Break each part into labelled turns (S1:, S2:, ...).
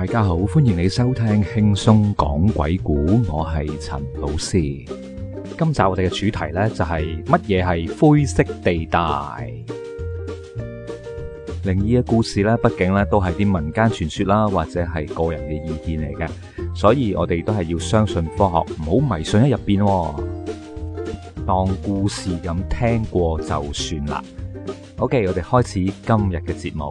S1: 大家好，歡迎你收聽輕鬆講鬼故，我係陳老師。今集我哋嘅主題呢，就係，就係乜嘢係灰色地帶。靈異嘅故事呢，畢竟呢，都係啲民間傳說啦，或者係個人嘅意見嚟嘅，所以我哋都係要相信科學，唔好迷信喺入邊，當故事咁聽過就算啦。OK，我哋開始今日嘅節目。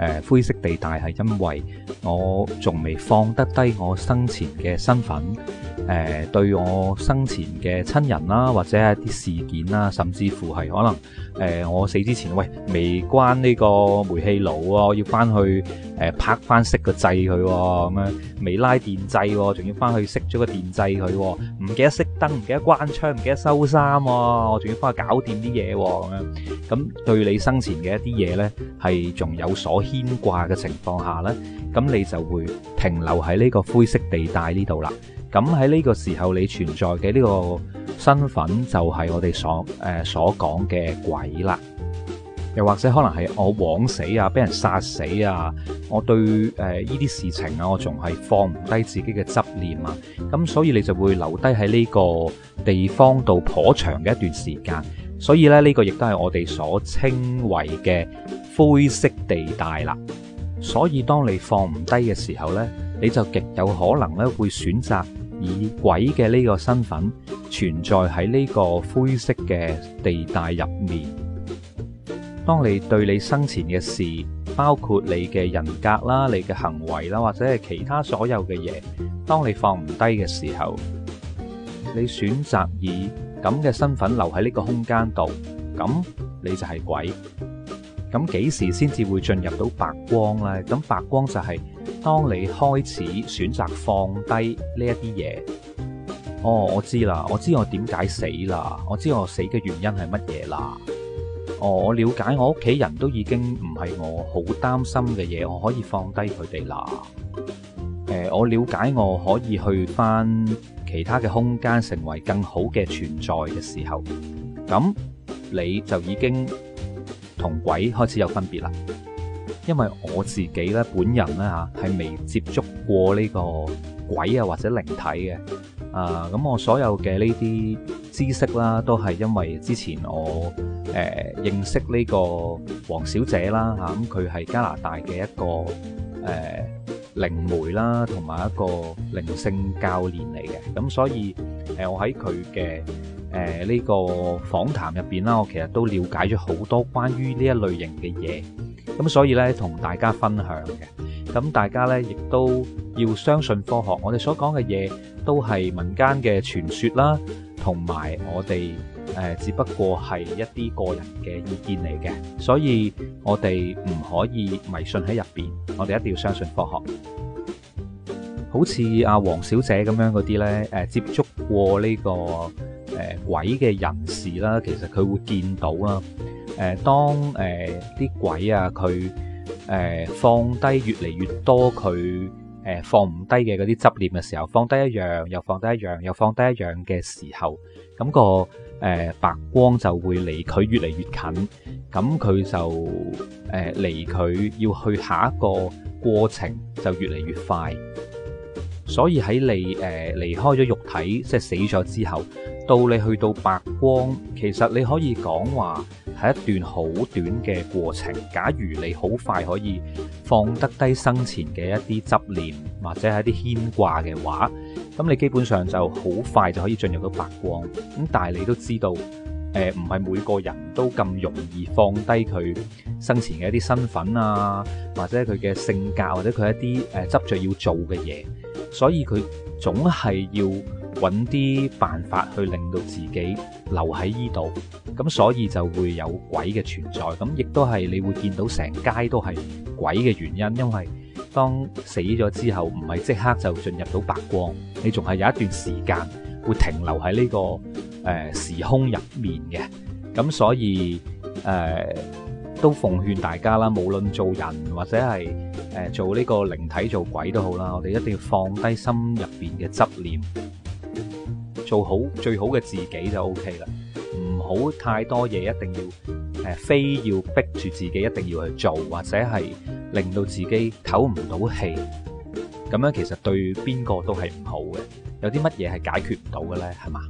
S1: 誒，灰色地帶係因為我仲未放得低我生前嘅身份，誒、呃、對我生前嘅親人啦、啊，或者係啲事件啦、啊，甚至乎係可能誒、呃、我死之前，喂未關呢個煤氣爐啊，要翻去誒、呃、拍翻熄個掣佢喎，咁樣未拉電掣仲、啊、要翻去熄咗個電掣，佢唔記得熄燈，唔記得關窗、啊，唔記得收衫喎，我仲要翻去搞掂啲嘢喎，咁樣咁對你生前嘅一啲嘢咧係仲有所欠。牽掛嘅情況下呢，咁你就會停留喺呢個灰色地帶呢度啦。咁喺呢個時候，你存在嘅呢個身份就係我哋所誒、呃、所講嘅鬼啦。又或者可能係我枉死啊，俾人殺死啊。我對誒呢啲事情啊，我仲係放唔低自己嘅執念啊。咁所以你就會留低喺呢個地方度頗長嘅一段時間。所以咧，呢個亦都係我哋所稱為嘅灰色地帶啦。所以當你放唔低嘅時候呢，你就極有可能咧會選擇以鬼嘅呢個身份存在喺呢個灰色嘅地帶入面。當你對你生前嘅事，包括你嘅人格啦、你嘅行為啦，或者係其他所有嘅嘢，當你放唔低嘅時候，你選擇以咁嘅身份留喺呢個空間度，咁你就係鬼。咁幾時先至會進入到白光呢？咁白光就係當你開始選擇放低呢一啲嘢。哦，我知啦，我知我點解死啦，我知我死嘅原因係乜嘢啦。哦，我了解，我屋企人都已經唔係我好擔心嘅嘢，我可以放低佢哋啦。誒，我了解，我可以去翻。其他嘅空間成為更好嘅存在嘅時候，咁你就已經同鬼開始有分別啦。因為我自己咧，本人咧，嚇，係未接觸過呢個鬼啊，或者靈體嘅。啊咁我所有嘅呢啲知識啦，都係因為之前我誒、呃、認識呢個黃小姐啦，嚇，咁佢係加拿大嘅一個誒。呃靈媒啦，同埋一個靈性教練嚟嘅，咁所以誒，我喺佢嘅誒呢個訪談入邊啦，我其實都了解咗好多關於呢一類型嘅嘢，咁所以咧同大家分享嘅，咁大家咧亦都要相信科學，我哋所講嘅嘢都係民間嘅傳說啦，同埋我哋。誒，只不過係一啲個人嘅意見嚟嘅，所以我哋唔可以迷信喺入邊。我哋一定要相信科學。好似阿黃小姐咁樣嗰啲呢，誒，接觸過呢個誒鬼嘅人士啦，其實佢會見到啦。誒，當誒啲鬼啊，佢誒放低越嚟越多佢。誒，放唔低嘅嗰啲執念嘅時候，放低一樣又放低一樣又放低一樣嘅時候，咁個誒白光就會離佢越嚟越近，咁佢就誒離佢要去下一個過程就越嚟越快。所以喺你誒離開咗肉體，即係死咗之後，到你去到白光，其實你可以講話。係一段好短嘅過程。假如你好快可以放得低生前嘅一啲執念，或者係一啲牽掛嘅話，咁你基本上就好快就可以進入到白光。咁但係你都知道，誒唔係每個人都咁容易放低佢生前嘅一啲身份啊，或者佢嘅性格，或者佢一啲誒執着要做嘅嘢，所以佢總係要揾啲辦法去令到自己留喺呢度，咁所以就會有鬼嘅存在。咁亦都係你會見到成街都係鬼嘅原因，因為當死咗之後，唔係即刻就進入到白光，你仲係有一段時間會停留喺呢個誒時空入面嘅。咁所以誒都奉勸大家啦，無論做人或者係誒做呢個靈體做鬼都好啦，我哋一定要放低心入邊嘅執念。做好最好嘅自己就 OK 啦，唔好太多嘢一定要誒，非要逼住自己一定要去做，或者係令到自己唞唔到氣，咁樣其實對邊個都係唔好嘅。有啲乜嘢係解決唔到嘅咧？係嘛？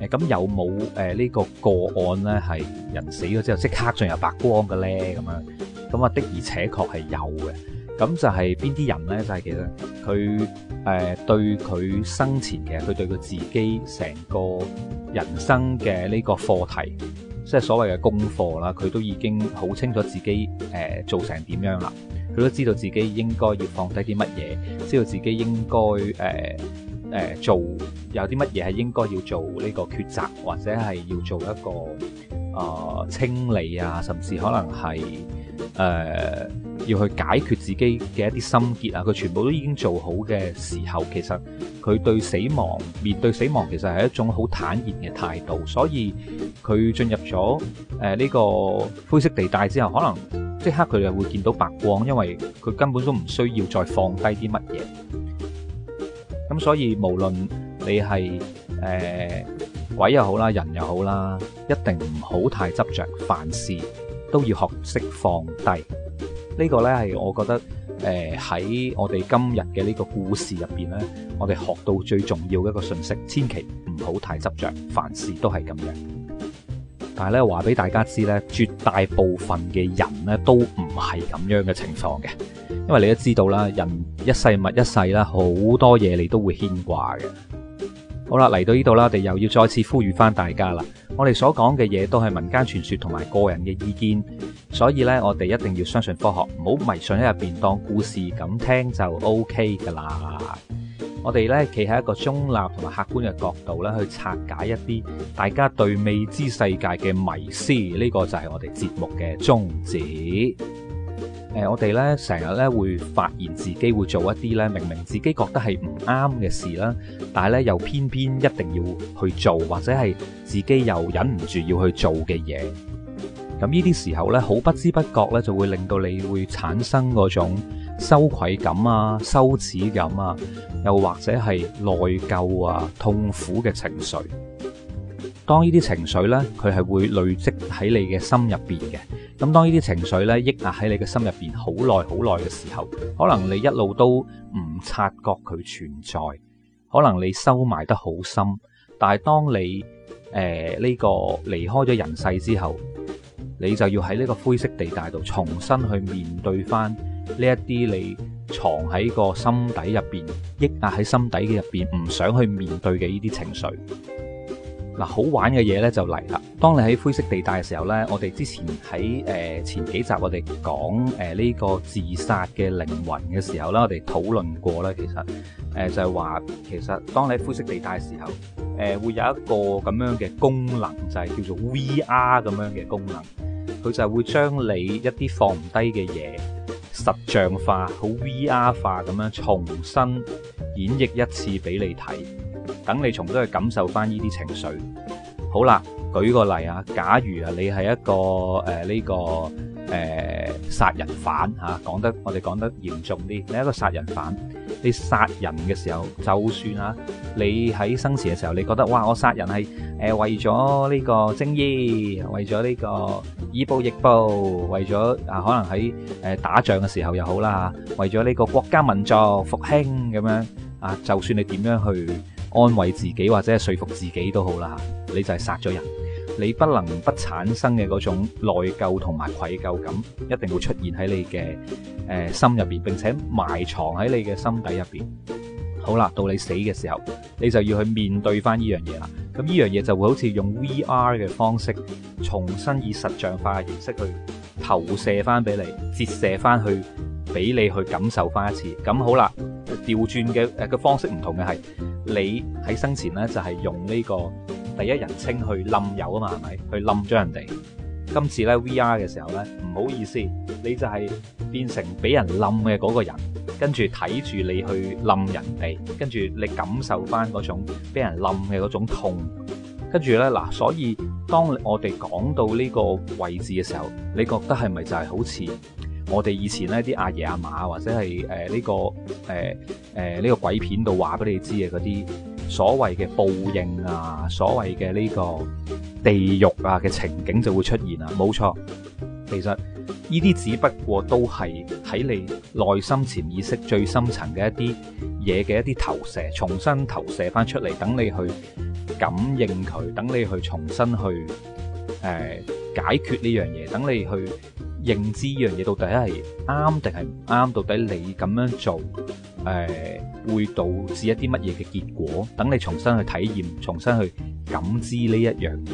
S1: 誒咁有冇誒呢個個案咧係人死咗之後即刻進入白光嘅咧？咁樣，咁啊的而且確係有嘅。咁就係邊啲人呢？就係、是、其實，佢、呃、誒對佢生前嘅佢對佢自己成個人生嘅呢個課題，即係所謂嘅功課啦。佢都已經好清楚自己誒、呃、做成點樣啦。佢都知道自己應該要放低啲乜嘢，知道自己應該誒誒做有啲乜嘢係應該要做呢個抉擇，或者係要做一個啊、呃、清理啊，甚至可能係誒。呃要去解決自己嘅一啲心結啊，佢全部都已經做好嘅時候，其實佢對死亡、面對死亡其實係一種好坦然嘅態度，所以佢進入咗誒呢個灰色地帶之後，可能即刻佢哋就會見到白光，因為佢根本都唔需要再放低啲乜嘢。咁所以無論你係誒鬼又好啦，人又好啦，一定唔好太執著，凡事都要學識放低。呢個呢，係我覺得誒喺、呃、我哋今日嘅呢個故事入邊呢，我哋學到最重要一個信息，千祈唔好太執着，凡事都係咁樣。但係咧話俾大家知，呢絕大部分嘅人呢都唔係咁樣嘅情況嘅，因為你都知道啦，人一世物一世啦，好多嘢你都會牽掛嘅。好啦，嚟到呢度啦，我哋又要再次呼籲翻大家啦。我哋所講嘅嘢都係民間傳說同埋個人嘅意見，所以呢，我哋一定要相信科學，唔好迷信喺入邊當故事咁聽就 OK 噶啦。我哋呢企喺一個中立同埋客觀嘅角度呢，去拆解一啲大家對未知世界嘅迷思，呢個就係我哋節目嘅宗旨。誒，我哋咧成日咧會發現自己會做一啲咧明明自己覺得係唔啱嘅事啦，但係咧又偏偏一定要去做，或者係自己又忍唔住要去做嘅嘢。咁呢啲時候咧，好不知不覺咧就會令到你會產生嗰種羞愧感啊、羞恥感啊，又或者係內疚啊、痛苦嘅情緒。當呢啲情緒呢，佢係會累積喺你嘅心入邊嘅。咁當呢啲情緒呢抑壓喺你嘅心入邊好耐好耐嘅時候，可能你一路都唔察覺佢存在，可能你收埋得好深。但係當你誒呢個離開咗人世之後，你就要喺呢個灰色地帶度重新去面對翻呢一啲你藏喺個心底入邊、抑壓喺心底嘅入邊，唔想去面對嘅呢啲情緒。嗱，好玩嘅嘢呢就嚟啦！當你喺灰色地帶嘅時候呢，我哋之前喺誒、呃、前幾集我哋講誒呢個自殺嘅靈魂嘅時候呢，我哋討論過呢，其實誒、呃、就係、是、話，其實當你喺灰色地帶嘅時候，誒、呃、會有一個咁樣嘅功能，就係、是、叫做 VR 咁樣嘅功能，佢就係會將你一啲放唔低嘅嘢實像化，好 VR 化咁樣重新演繹一次俾你睇。等你重都去感受翻呢啲情緒。好啦，舉個例啊，假如啊，你係一個誒呢個誒殺人犯吓，講得我哋講得嚴重啲，你係一個殺人犯，你殺人嘅時候，就算啊，你喺生前嘅時候，你覺得哇，我殺人係誒為咗呢個正義，為咗呢個以暴易暴，為咗啊可能喺誒打仗嘅時候又好啦，為咗呢個國家民族復興咁樣啊，就算你點樣去。安慰自己或者係說服自己都好啦，你就係殺咗人，你不能不產生嘅嗰種內疚同埋愧疚感，一定會出現喺你嘅誒、呃、心入邊，並且埋藏喺你嘅心底入邊。好啦，到你死嘅時候，你就要去面對翻呢樣嘢啦。咁呢樣嘢就會好似用 VR 嘅方式，重新以實像化嘅形式去投射翻俾你，折射翻去俾你去感受翻一次。咁好啦。調轉嘅誒個方式唔同嘅係，你喺生前呢就係用呢個第一人稱去冧人啊嘛，係咪？去冧咗人哋。今次呢 VR 嘅時候呢，唔好意思，你就係變成俾人冧嘅嗰個人，跟住睇住你去冧人哋，跟住你感受翻嗰種俾人冧嘅嗰種痛。跟住呢，嗱，所以當我哋講到呢個位置嘅時候，你覺得係咪就係好似？我哋以前呢啲阿爺阿嫲或者係誒呢個誒誒呢個鬼片度話俾你知嘅嗰啲所謂嘅報應啊，所謂嘅呢個地獄啊嘅、啊、情景就會出現啦。冇錯，其實呢啲只不過都係喺你內心潛意識最深層嘅一啲嘢嘅一啲投射，重新投射翻出嚟，等你去感應佢，等你去重新去誒、呃、解決呢樣嘢，等你去。認知一樣嘢到底係啱定係唔啱，到底你咁樣做，誒、呃、會導致一啲乜嘢嘅結果？等你重新去體驗，重新去感知呢一樣嘢。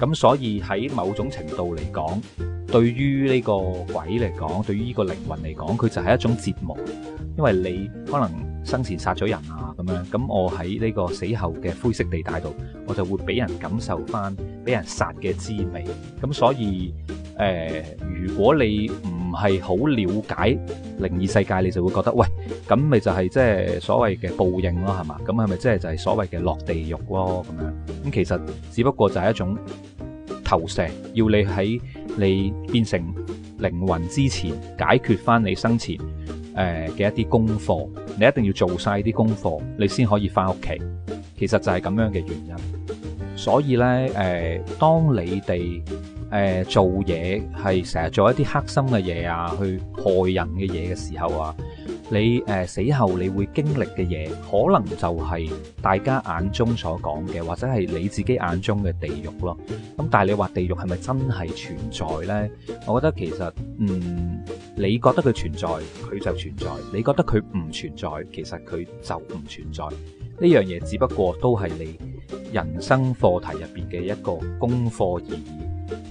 S1: 咁所以喺某種程度嚟講，對於呢個鬼嚟講，對於呢個靈魂嚟講，佢就係一種折磨，因為你可能生前殺咗人啊咁樣，咁我喺呢個死後嘅灰色地帶度，我就會俾人感受翻俾人殺嘅滋味。咁所以誒、呃，如果你唔係好了解靈異世界，你就會覺得喂，咁咪就係即係所謂嘅報應咯，係嘛？咁係咪即係就係所謂嘅落地獄咯？咁樣咁、嗯、其實只不過就係一種投射，要你喺你變成靈魂之前解決翻你生前誒嘅、呃、一啲功課，你一定要做晒啲功課，你先可以翻屋企。其實就係咁樣嘅原因。所以咧，誒、呃，當你哋誒、呃、做嘢係成日做一啲黑心嘅嘢啊，去害人嘅嘢嘅時候啊，你誒、呃、死後你會經歷嘅嘢，可能就係大家眼中所講嘅，或者係你自己眼中嘅地獄咯。咁但係你話地獄係咪真係存在呢？我覺得其實，嗯，你覺得佢存在，佢就存在；你覺得佢唔存在，其實佢就唔存在。呢樣嘢只不過都係你人生課題入邊嘅一個功課而已。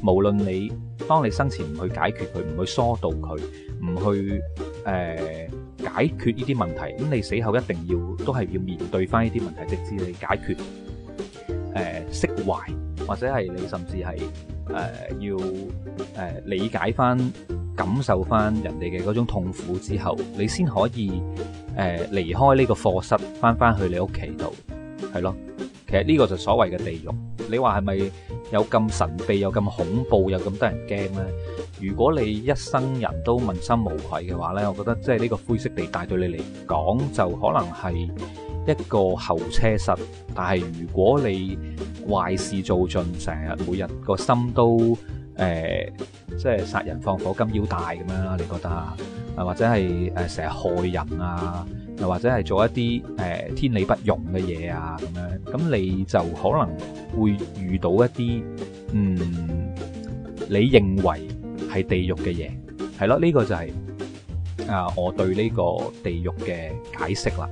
S1: 無論你當你生前唔去解決佢，唔去疏導佢，唔去誒、呃、解決呢啲問題，咁、嗯、你死後一定要都係要面對翻呢啲問題，直至你解決誒、呃、釋懷，或者係你甚至係誒、呃、要誒、呃、理解翻、感受翻人哋嘅嗰種痛苦之後，你先可以誒、呃、離開呢個課室，翻翻去你屋企度，係咯。其實呢個就所謂嘅地獄，你話係咪有咁神秘、有咁恐怖、有咁得人驚呢？如果你一生人都問心無愧嘅話呢，我覺得即係呢個灰色地帶對你嚟講就可能係一個候車室。但係如果你壞事做盡，成日每日個心都誒、呃，即係殺人放火、金腰帶咁樣啦，你覺得啊？或者係誒成日害人啊？又或者係做一啲誒天理不容嘅嘢啊，咁樣，咁你就可能會遇到一啲嗯，你認為係地獄嘅嘢，係咯，呢個就係啊，我對呢個地獄嘅解釋啦。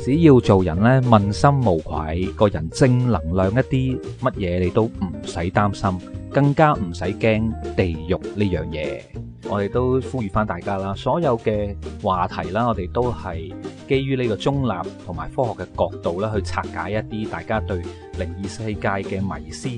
S1: 只要做人呢，問心無愧，個人正能量一啲，乜嘢你都唔使擔心。更加唔使驚地獄呢樣嘢。我哋都呼籲翻大家啦。所有嘅話題啦，我哋都係基於呢個中立同埋科學嘅角度啦，去拆解一啲大家對靈異世界嘅迷思，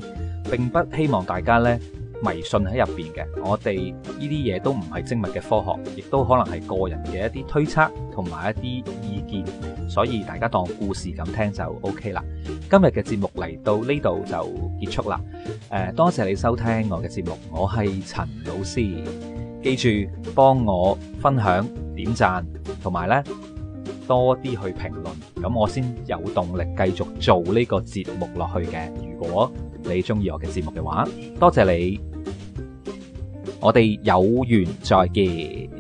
S1: 並不希望大家呢。迷信喺入邊嘅，我哋呢啲嘢都唔係精密嘅科學，亦都可能係個人嘅一啲推測同埋一啲意見，所以大家當故事咁聽就 OK 啦。今日嘅節目嚟到呢度就結束啦。誒、呃，多謝你收聽我嘅節目，我係陳老師，記住幫我分享、點讚同埋咧多啲去評論，咁我先有動力繼續做呢個節目落去嘅。如果你中意我嘅節目嘅話，多謝你。我哋有緣再見。